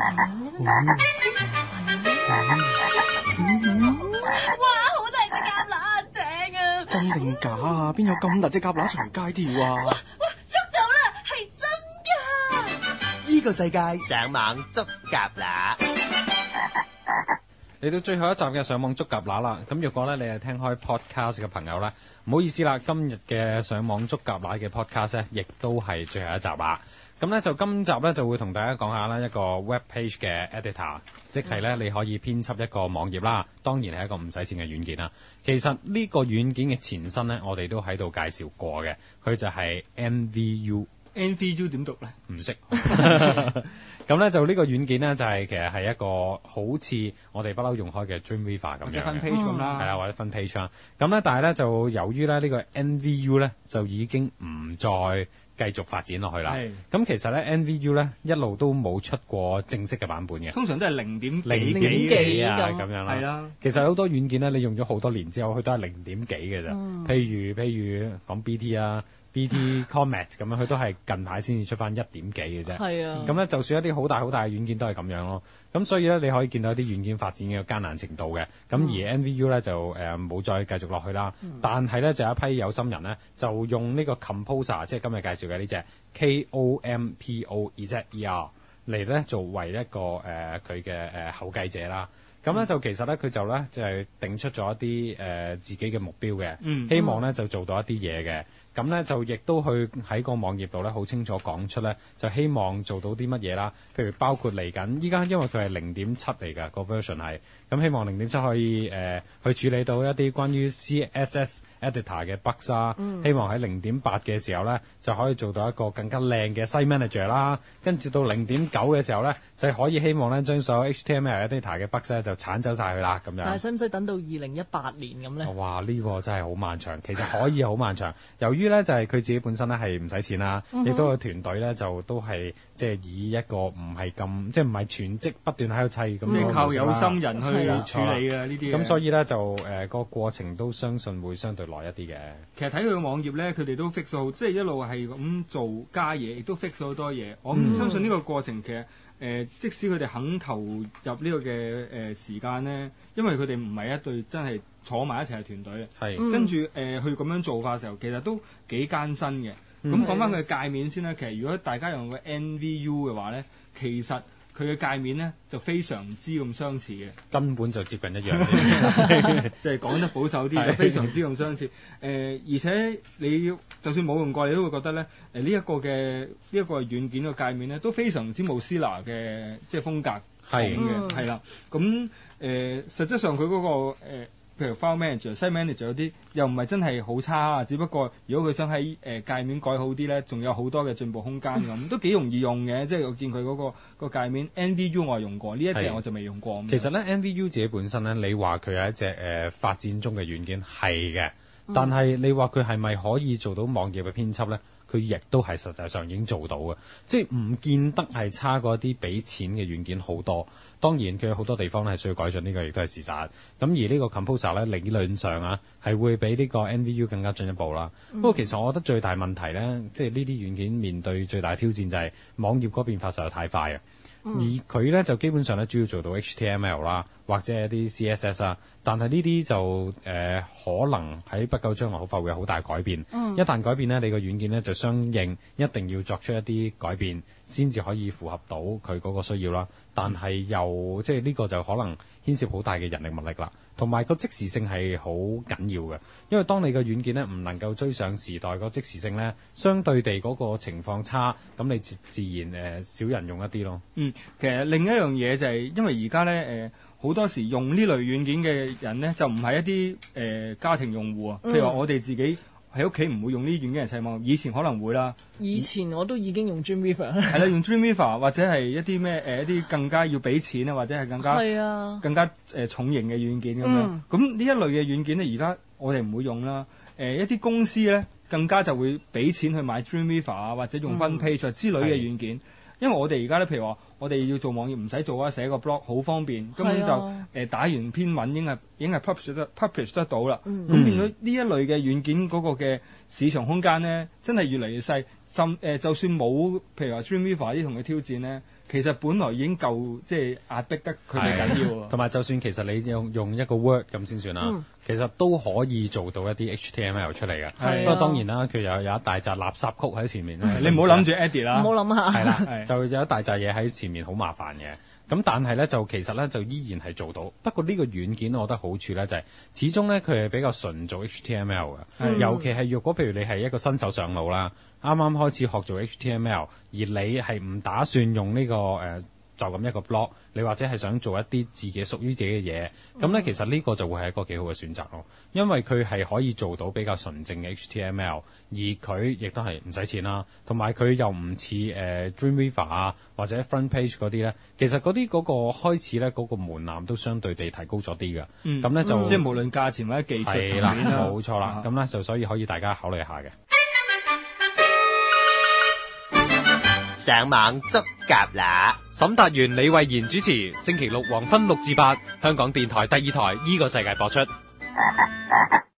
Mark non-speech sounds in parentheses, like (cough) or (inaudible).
啊嗯、哇，好大隻蛤乸正啊！真定假啊？邊有咁大隻蛤乸隨街跳啊？哇，捉到啦，係真噶！呢個世界上網捉蛤乸，嚟 (laughs) 到最後一集嘅上網捉蛤乸啦。咁若果咧，你係聽開 podcast 嘅朋友咧，唔好意思啦，今日嘅上網捉蛤乸嘅 podcast 咧，亦都係最後一集啦。咁咧就今集咧就會同大家講下啦一個 web page 嘅 editor，即係咧你可以編輯一個網頁啦。當然係一個唔使錢嘅軟件啦。其實呢個軟件嘅前身咧，我哋都喺度介紹過嘅，佢就係 NVU n。NVU 點讀咧？唔識懂。咁咧 (laughs) (laughs) 就個軟呢個軟件咧就係、是、其實係一個好似我哋不嬲用開嘅 Dreamweaver 咁樣或 page、嗯，或者分 page 啦，係啊或者分 page 啊。咁咧但係咧就由於咧呢個 NVU 咧就已經唔再。繼續發展落去啦。咁是其實咧，N V U 咧一路都冇出過正式嘅版本嘅。通常都係零點零幾零幾啊咁樣啦。係啦樣，啊、其實好多軟件咧，你用咗好多年之後，佢都係零點幾嘅啫、嗯。譬如譬如講 B T 啊。BD Comet 咁樣，佢都係近排先至出翻一點幾嘅啫。係啊，咁咧就算一啲好大好大嘅軟件都係咁樣咯。咁所以咧，你可以見到一啲軟件發展嘅艱難程度嘅。咁而 M.V.U. 咧就誒冇再繼續落去啦。但係咧就有一批有心人咧就用呢個 Composer，即係今日介紹嘅呢、這、隻、個、K.O.M.P.O.Z.E.R. 嚟咧作為一個誒佢嘅誒後繼者啦，咁咧、嗯、就其實咧佢就咧就係定出咗一啲誒、呃、自己嘅目標嘅，嗯、希望咧就做到一啲嘢嘅，咁咧就亦都去喺個網頁度咧好清楚講出咧，就希望做到啲乜嘢啦，譬如包括嚟緊依家因為佢係零點七嚟㗎個 version 係，咁希望零點七可以誒、呃、去處理到一啲關於 CSS editor 嘅 bug 啦、啊，嗯、希望喺零點八嘅時候咧就可以做到一個更加靚嘅 Site Manager 啦，跟住到零點九。走嘅時候咧，就可以希望咧將所有 HTML data 嘅 bug 就鏟走晒佢啦，咁樣。但係使唔使等到二零一八年咁咧？哇！呢、這個真係好漫長， (laughs) 其實可以好漫長。由於咧就係、是、佢自己本身咧係唔使錢啦，嗯、哼亦都有團隊咧就都係即係以一個唔係咁即係唔係全職不斷喺度砌咁。即係靠有心人去、啊、處理嘅呢啲。咁、嗯、所以咧就誒個、呃、過程都相信會相對耐一啲嘅。其實睇佢個網頁咧，佢哋都 fix 咗，即、就、係、是、一路係咁做加嘢，亦都 fix 咗好多嘢。嗯、我唔相信呢個過程。嘅、呃、即使佢哋肯投入呢、這個嘅誒、呃、時間咧，因為佢哋唔係一隊真係坐埋一齊嘅團隊，係是跟住誒去咁樣做法嘅時候，其實都幾艱辛嘅。咁講翻佢嘅界面先啦。的其實如果大家用個 NVU 嘅話咧，其實。佢嘅界面咧就非常之咁相似嘅，根本就接近一樣，即係講得保守啲， (laughs) 非常之咁相似。誒、呃，而且你就算冇用過，你都會覺得咧，誒呢一個嘅呢一個軟件嘅界面咧都非常之冇斯拉嘅，即係風格型嘅，係啦。咁誒、呃，實質上佢嗰、嗰個、呃譬如 File Manager、Site Manager 有啲又唔係真係好差，只不過如果佢想喺誒、呃、界面改好啲咧，仲有好多嘅進步空間咁， (laughs) 都幾容易用嘅。即、就、係、是、我見佢嗰、那個、那個界面，NVU 我用過，呢一隻我就未用過。其實咧，NVU 自己本身咧，你話佢係一隻誒、呃、發展中嘅軟件，係嘅、嗯。但係你話佢係咪可以做到網頁嘅編輯咧？佢亦都係實際上已經做到嘅，即係唔見得係差過一啲俾錢嘅軟件好多。當然佢有好多地方咧係需要改進，這個、個呢個亦都係事實。咁而呢個 Composer 咧，理論上啊係會比呢個 NVU 更加進一步啦。嗯、不過其實我覺得最大問題呢，即係呢啲軟件面對最大挑戰就係、是、網頁嗰邊發實在太快啊。而佢咧就基本上咧主要做到 HTML 啦，或者一啲 CSS 啊，但係呢啲就誒、呃、可能喺不久將來好快會有好大改變。嗯、一旦改變呢，你個軟件呢，就相應一定要作出一啲改變。先至可以符合到佢嗰個需要啦，但係又即係呢個就可能牽涉好大嘅人力物力啦，同埋個即時性係好緊要嘅，因為當你嘅軟件咧唔能夠追上時代個即時性咧，相對地嗰個情況差，咁你自然誒少、呃、人用一啲咯。嗯，其實另一樣嘢就係、是、因為而家咧誒好多時用類呢類軟件嘅人咧就唔係一啲誒、呃、家庭用戶啊，譬如話我哋自己。嗯喺屋企唔會用呢啲軟件嚟上網，以前可能會啦。以前我都已經用 Dreamweaver。係啦， (laughs) 用 Dreamweaver 或者係一啲咩誒，一啲更加要俾錢啊，或者係更加、啊、更加誒、呃、重型嘅軟件咁樣。咁呢、嗯、一類嘅軟件咧，而家我哋唔會用啦。誒、呃、一啲公司咧，更加就會俾錢去買 Dreamweaver 啊，或者用分 Pages 之類嘅軟件，嗯、因為我哋而家咧，譬如話。我哋要做網頁唔使做啊，寫個 blog 好方便，根本就誒、啊呃、打完篇文已經係已經係 publish 得 publish 得到啦。咁、嗯、變咗呢一類嘅軟件嗰個嘅市場空間咧，真係越嚟越細。甚誒、呃，就算冇譬如話 Dreamweaver 啲同佢挑戰咧。其實本來已經夠，即係壓迫得佢哋緊要。同埋 (laughs) 就算其實你用用一個 Word 咁先算啦，嗯、其實都可以做到一啲 HTML 出嚟嘅。嗯、不過當然啦，佢有有一大紮垃圾曲喺前面、嗯、為你唔好諗住 Eddie 啦，唔好諗下，係啦，就有一大扎嘢喺前面，好麻煩嘅。咁但係呢，就其實呢，就依然係做到。不過呢個軟件我覺得好處呢，就係、是、始終呢，佢係比較純做 HTML 嘅，嗯、尤其係若果譬如你係一個新手上路啦，啱啱開始學做 HTML，而你係唔打算用呢、呢個誒。呃就咁一個 blog，你或者係想做一啲自己屬於自己嘅嘢，咁呢其實呢個就會係一個幾好嘅選擇咯，因為佢係可以做到比較純正嘅 HTML，而佢亦都係唔使錢啦，同埋佢又唔似誒、呃、Dreamweaver 啊或者 FrontPage 嗰啲呢。其實嗰啲嗰個開始呢，嗰、嗰個門檻都相對地提高咗啲嘅，咁呢、嗯，就、嗯嗯、即係無論價錢或者技術上面，冇的料錯啦，咁呢，就所以可以大家考慮下嘅。上網捉蛤啦！沈達元李慧賢主持，星期六黃昏六至八，香港電台第二台《呢個世界》播出。 (laughs)